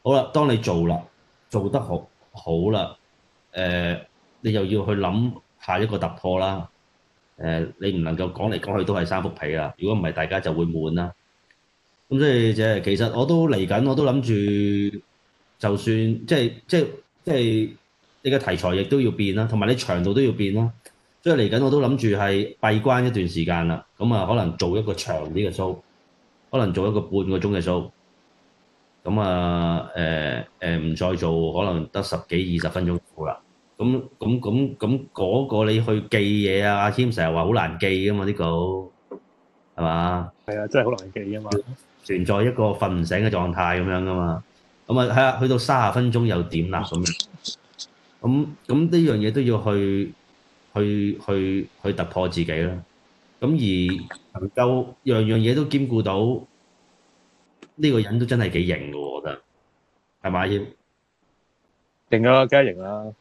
[SPEAKER 1] 好啦，當你做啦，做得好好啦，誒、呃，你又要去諗下一個突破啦。誒，你唔能夠講嚟講去都係三幅皮啦，如果唔係，大家就會悶啦。咁所以即係，其實我都嚟緊，我都諗住，就算即係即係即係，即係即係、你嘅題材亦都要變啦，同埋你長度都要變啦。即係嚟緊我都諗住係閉關一段時間啦。咁啊，可能做一個長啲嘅 show，可能做一個半個鐘嘅 show。咁、呃、啊，誒、呃、誒，唔再做，可能得十幾二十分鐘好啦。咁咁咁咁嗰個你去記嘢啊？阿謙成日話好難記啊嘛，呢、這個係嘛？係啊，真係好難
[SPEAKER 4] 記啊嘛！
[SPEAKER 1] 存在一個瞓唔醒嘅狀態咁樣噶嘛，咁啊係啊，去到三十分鐘又點啦咁。咁咁呢樣嘢都要去去去去突破自己啦。咁而能夠樣樣嘢都兼顧到呢、這個人都真係幾型嘅，我覺得
[SPEAKER 4] 係咪阿謙定咗啦，梗係型啦。啊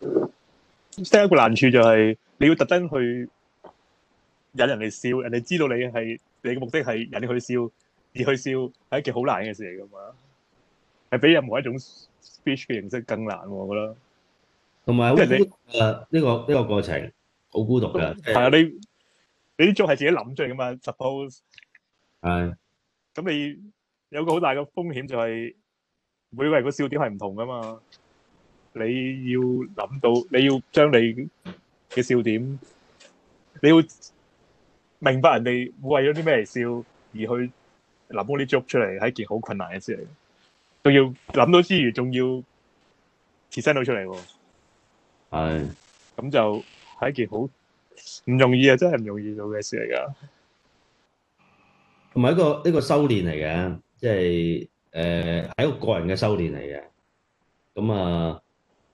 [SPEAKER 4] 即係一個難處就係、是、你要特登去引人哋笑，人哋知道你係你嘅目的係引你去笑，而佢笑係一件好難嘅事嚟噶嘛，係比任何一種 speech 嘅形式更難，我覺得。
[SPEAKER 1] 同埋，即係你誒，呢、啊這個呢、這個過程好孤獨噶。
[SPEAKER 4] 係啊、嗯，你你啲 joke 係自己諗出嚟噶嘛？Suppose 係。咁的你有個好大嘅風險就係、是、每位人個笑點係唔同噶嘛。你要諗到，你要將你嘅笑點，你要明白人哋為咗啲咩嚟笑，而去諗嗰啲 job 出嚟，係一件好困難嘅事嚟。仲要諗到之餘，仲要設身到出嚟，係咁就係一件好唔容易啊！真係唔容易做嘅事嚟噶，
[SPEAKER 1] 同埋一個呢個修煉嚟嘅，即係誒，係一個個人嘅修煉嚟嘅，咁啊。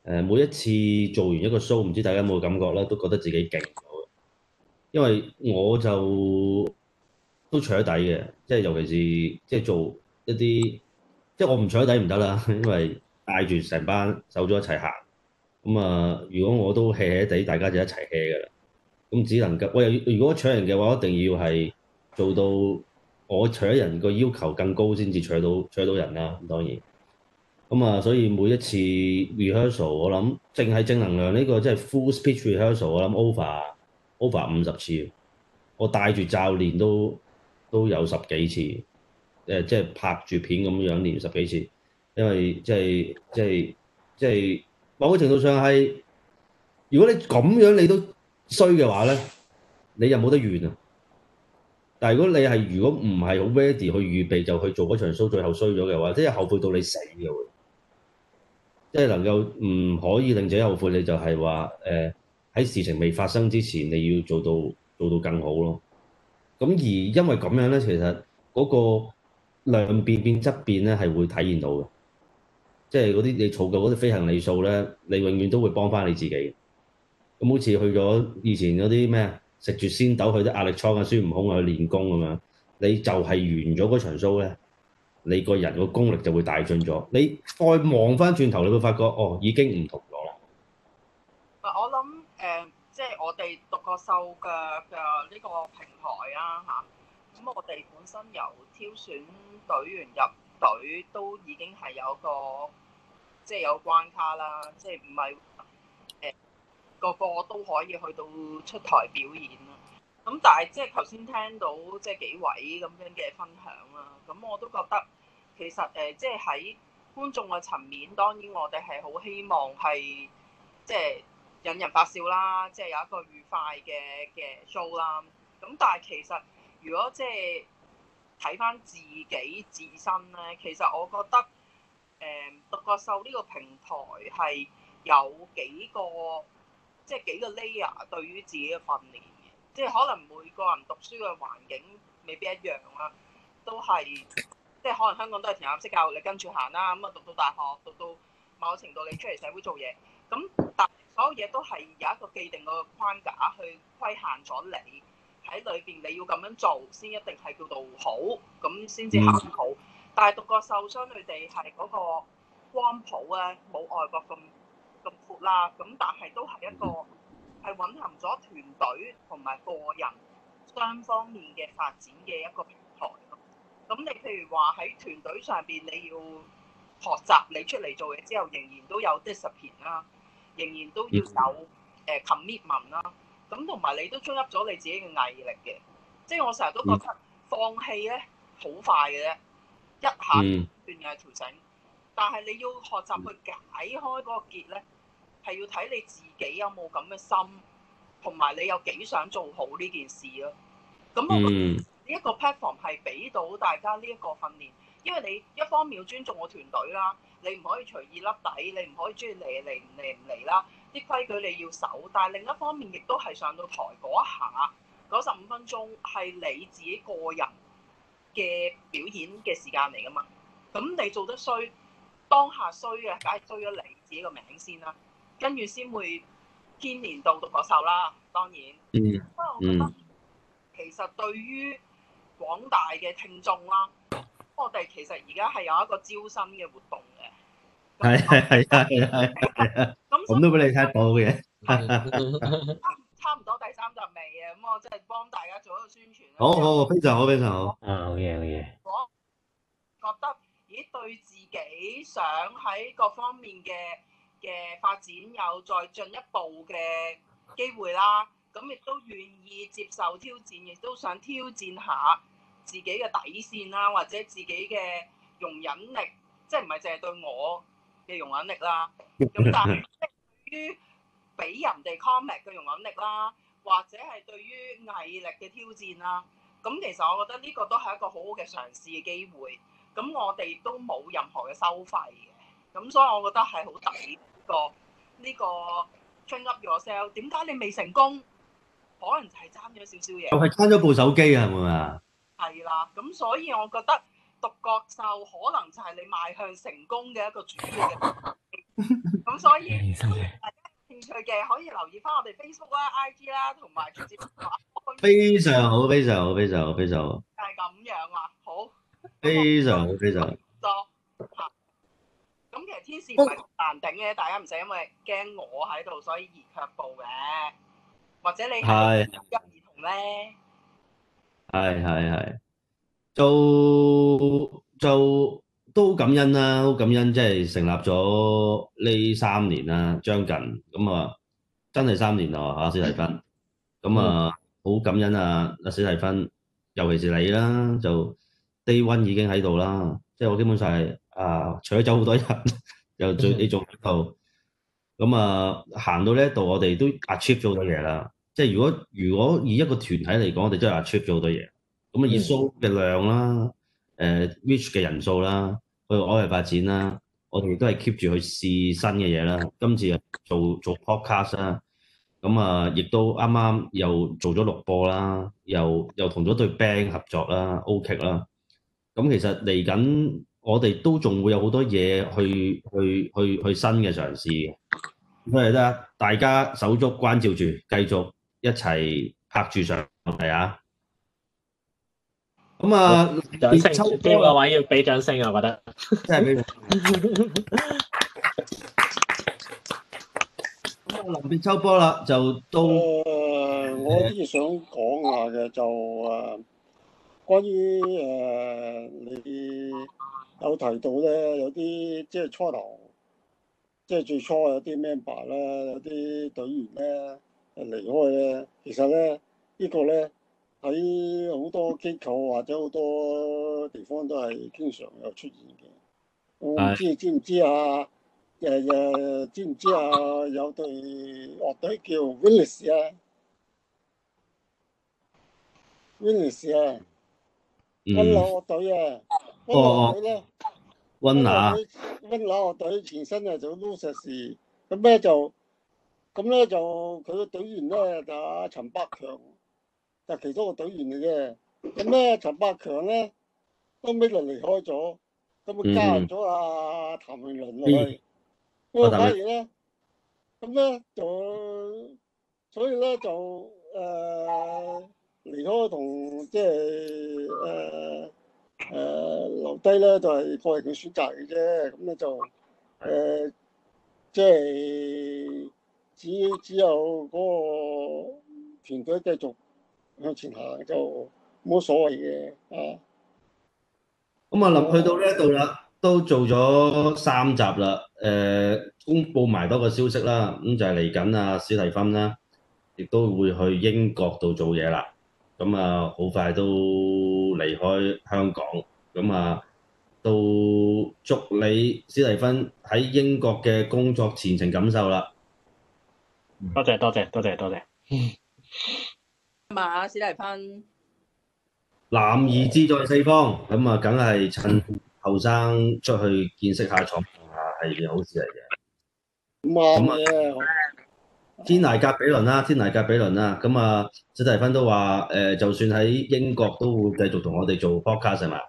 [SPEAKER 1] 誒每一次做完一個 show，唔知大家有冇感覺咧，都覺得自己勁咗。因為我就都扯咗底嘅，即係尤其是即係做一啲，即係我唔扯底唔得啦，因為帶住成班手足一齊行。咁啊，如果我都 heahea 哋，大家就一齊 hea 㗎啦。咁只能夠，我又如果扯人嘅話，一定要係做到我扯人個要求更高先至扯到扯到人啦、啊。咁當然。咁啊、嗯，所以每一次 rehearsal，我諗正係正能量呢個，即係 full speech rehearsal，我諗 over over 五十次，我帶住教練都都有十幾次，誒，即係拍住片咁樣練十幾次，因為即係即係即係某個程度上係，如果你咁樣你都衰嘅話咧，你又冇得怨啊。但係如果你係如果唔係好 ready 去預備就去做嗰場 show，最後衰咗嘅話，即係後悔到你死嘅。即係能夠唔可以令自己後悔，你就係話誒喺事情未發生之前，你要做到做到更好咯。咁而因為咁樣咧，其實嗰個量變變質變咧係會體現到嘅，即係嗰啲你儲夠嗰啲飛行里數咧，你永遠都會幫翻你自己。咁好似去咗以前嗰啲咩食住仙豆去啲壓力倉嘅、啊、孫悟空、啊、去練功咁樣，你就係完咗嗰場 show 咧。你個人個功力就會大進咗，你再望返轉頭，你會發覺哦，已經唔同咗啦。嗱，
[SPEAKER 3] 呃就是、我諗誒，即係我哋獨角秀嘅呢個平台啦嚇，咁、啊、我哋本身由挑選隊員入隊，都已經係有一個即係、就是、有關卡啦，即係唔係誒個個都可以去到出台表演咯。咁但係即係頭先聽到即係幾位咁樣嘅分享啦、啊。咁我都覺得其實誒即係喺觀眾嘅層面，當然我哋係好希望係即係引人發笑啦，即、就、係、是、有一個愉快嘅嘅 show 啦。咁但係其實如果即係睇翻自己自身咧，其實我覺得誒獨角獸呢個平台係有幾個即係、就是、幾個 layer 對於自己嘅訓練。即係可能每個人讀書嘅環境未必一樣啦、啊，都係即係可能香港都係填鴨式教育，你跟住行啦，咁啊讀到大學，讀到某程度你出嚟社會做嘢，咁但所有嘢都係有一個既定嘅框架去規限咗你喺裏邊，裡面你要咁樣做先一定係叫做好，咁先至考好。嗯、但係讀個受傷佢哋係嗰個光譜咧，冇外國咁咁闊啦，咁但係都係一個。係蘊含咗團隊同埋個人雙方面嘅發展嘅一個平台咯。咁你譬如話喺團隊上邊，你要學習你出嚟做嘢之後，仍然都有 discipline 啦、啊，仍然都要有誒 commitment 啦、啊。咁同埋你都鍾入咗你自己嘅毅力嘅。即、就、係、是、我成日都覺得放棄咧好快嘅啫，一下斷嘅條繩。但係你要學習去解開嗰個結咧。係要睇你自己有冇咁嘅心，同埋你有幾想做好呢件事咯。咁我覺得，呢一個 platform 係俾到大家呢一個訓練，因為你一方面要尊重我團隊啦，你唔可以隨意甩底，你唔可以中意嚟嚟唔嚟唔嚟啦，啲規矩你要守。但係另一方面，亦都係上到台嗰一下嗰十五分鐘係你自己個人嘅表演嘅時間嚟㗎嘛。咁你做得衰，當下衰嘅梗係衰咗你自己個名先啦。跟住先會牽連到獨角獸啦，當然。嗯嗯。我覺得其實對於廣大嘅聽眾啦，我哋其實而家係
[SPEAKER 1] 有一個招新嘅活動嘅。係係係係係。咁咁都俾你聽到嘅。
[SPEAKER 6] 差唔多第三集未啊？咁
[SPEAKER 3] 我真係幫大家做一個宣傳。
[SPEAKER 1] 好好，非常好，非常好。啊，好嘢，好嘢。我覺得，咦，對自己
[SPEAKER 3] 想喺各方面嘅嘅發展有再進一步嘅機會啦，咁亦都願意接受挑戰，亦都想挑戰下自己嘅底線啦，或者自己嘅容忍力，即係唔係淨係對我嘅容忍力啦？
[SPEAKER 1] 咁但係
[SPEAKER 3] 對於俾人哋 comment 嘅容忍力啦，或者係對於毅力嘅挑戰啦，咁其實我覺得呢個都係一個好好嘅嘗試嘅機會。咁我哋都冇任何嘅收費嘅，咁所以我覺得係好抵。個呢個 fing up yourself，點解你未成功？可能就係爭咗少少嘢，就係爭
[SPEAKER 1] 咗部手機啊，係咪啊？
[SPEAKER 3] 係啦，咁所以我覺得獨角獸可能就係你邁向成功嘅一個主要嘅，咁所以大家興趣嘅可以留意翻我哋 Facebook 啦、IG 啦，同埋直接。非
[SPEAKER 1] 常好，非常好，非常好，非常好。係咁樣啊，好。非常好，非常好。
[SPEAKER 3] 咁其實天使唔係難頂嘅，大家唔使因為驚我喺度所以而卻
[SPEAKER 1] 步嘅，或者你係有兒童咧，係係係，就就都感恩啦，好感恩，即係成立咗呢三年啦，將近，咁啊，真係三年咯嚇，史提芬，咁啊，好感恩啊，阿史提芬，尤其是你啦，就 day one 已經喺度啦，即係我基本上係。啊！除咗走好多人， 又做你做呢度咁啊，行到呢一度，我哋都 achieve 咗好多嘢啦。即係如果如果以一個團體嚟講，我哋真係 achieve 咗好多嘢。咁啊，以 show 嘅量啦，誒、uh，reach 嘅人數啦，去海外發展啦，我哋都係 keep 住去試新嘅嘢啦。今次做做 podcast 啦，咁啊，亦都啱啱又做咗錄播啦，又又同咗對 band 合作啦，OK 啦。咁其實嚟緊。我哋都仲會有好多嘢去去去去新嘅嘗試嘅，所以咧，大家手足關照住，繼續一齊拍住上，係啊。咁啊，秋波嘅話要
[SPEAKER 2] 俾掌聲啊，我覺得。
[SPEAKER 5] 咁啊，臨別秋波啦，就到。我之前想講下嘅就誒，關於誒你。有提到咧，有啲即係初頭，即係最初有啲 member 啦，有啲隊員咧離開咧。其實咧呢個咧喺好多機構或者好多地方都係經常有出現嘅。我唔知知唔知啊？誒誒，知唔知啊？有隊樂隊叫 Wings 啊，Wings 啊，音樂樂隊啊。溫拿咧，
[SPEAKER 1] 溫拿
[SPEAKER 5] 溫拿樂隊前身就做 Lucas 咁咧就，咁咧就佢嘅隊員咧就阿陳百強，就是、其中一個隊員嚟嘅。咁咧陳百強咧，後尾就離開咗，咁啊加入咗阿譚詠麟落去。咁啊、嗯哦、反而咧，咁咧就，所以咧就誒，離、呃、開同即係誒。就是呃誒、呃，留低咧、嗯、就係個人嘅選擇嘅啫，咁咧就誒，即係只只有嗰個團隊繼續向前行就冇所謂嘅啊。
[SPEAKER 1] 咁啊，林去到呢一度啦，都做咗三集啦。誒、呃，公布埋多個消息啦，咁就係嚟緊啊，史提芬啦，亦都會去英國度做嘢啦。咁啊，好快都～離開香港，咁啊，到祝你史蒂芬喺英國嘅工作前程感受錦繡啦！多謝多謝多謝
[SPEAKER 3] 多謝。馬史蒂芬，
[SPEAKER 1] 男兒志在四方，咁啊，梗係趁後生出去見識下闖下係件好事嚟嘅。咁啊！天大格比輪啦、啊，天大格比輪啦、啊，咁啊，史提芬都話，誒、呃，就算喺英國都會繼續同我哋做 podcast 係咪？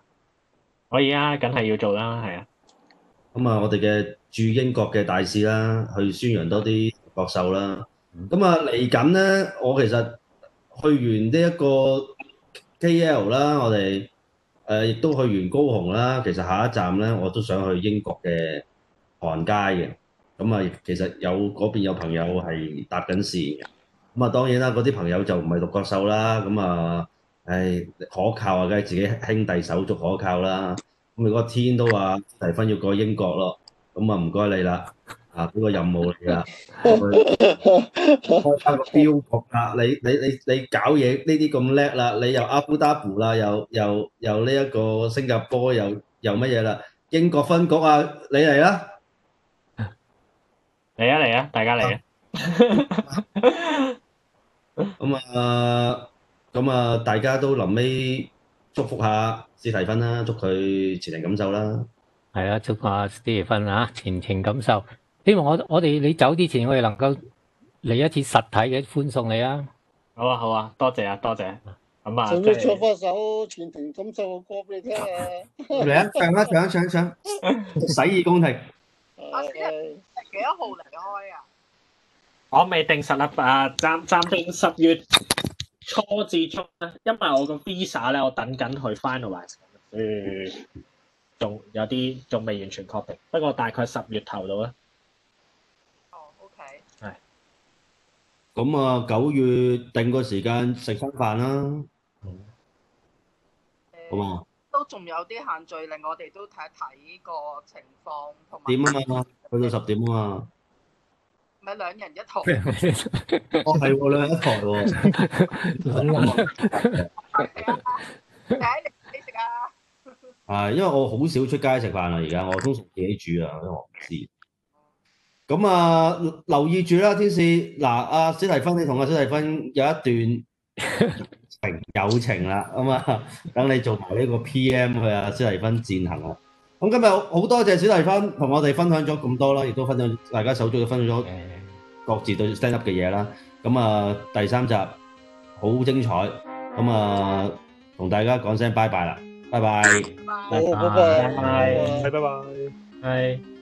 [SPEAKER 1] 可以啊，梗係要做啦，係啊。咁啊，我哋嘅駐英國嘅大使啦、啊，去宣揚多啲國秀啦。咁、嗯、啊，嚟緊咧，我其實去完呢一個 K L 啦，我哋誒亦都去完高雄啦。其實下一站咧，我都想去英國嘅韓街嘅。咁啊，其實有嗰邊有朋友係搭緊線，咁啊，當然啦，嗰啲朋友就唔係獨角獸啦，咁啊，唉可靠啊，梗係自己兄弟手足可靠啦。咁如果天都話離婚要過英國咯，咁啊唔該你啦，啊呢個任務嚟噶，開翻個標局啦，你你你你搞嘢呢啲咁叻啦，你又阿布達比啦，又又又呢一個新加坡又又乜嘢啦，英國分局啊，你嚟啦！嚟啊嚟啊，大家嚟啊！咁啊，咁啊，大家都臨尾
[SPEAKER 6] 祝福下史提芬啦，祝佢前程錦繡啦。係啊，祝福下史提芬啊，前程錦繡。希望我我哋你走之前，我哋能夠嚟一次實體嘅歡送你啊！
[SPEAKER 2] 好啊好啊，多謝啊多謝。
[SPEAKER 6] 咁啊，我唱
[SPEAKER 5] 翻首前程錦繡嘅歌俾你聽啊。嚟啊，唱啊
[SPEAKER 2] 唱啊唱啊唱，洗耳恭聽。幾多號離開啊？我未定實啦，暫暫定十月初至中啦，因為我個 visa 咧，我等緊去 finalize，嗯，仲有啲仲未完全確定。不過大概十月頭到啦。哦，OK。係。
[SPEAKER 1] 咁啊，九月定個時間食餐飯啦。
[SPEAKER 3] 好嘛。都仲有啲限聚令，我哋都睇一睇個情
[SPEAKER 1] 況同埋，點啊嘛？去到十點啊嘛？
[SPEAKER 3] 咪兩人
[SPEAKER 6] 一台。哦，係，兩人一台喎。係啊，第一食你食
[SPEAKER 1] 啊。係，因為我好少出街食飯啦，而家我通常自己煮啊，因為我唔知。咁啊，留意住啦，天使。嗱，阿史提芬，你同阿史提芬有一段。友情啦，咁啊，等你做埋呢個 PM 去啊，史提芬餞行啦。咁今日好多謝史提芬同我哋分享咗咁多啦，亦都分享大家手中都分享咗各自對 stand up 嘅嘢啦。咁啊，第三集好精彩，咁啊，同大家講聲拜拜啦，拜拜，好，拜拜，
[SPEAKER 4] 拜拜，拜。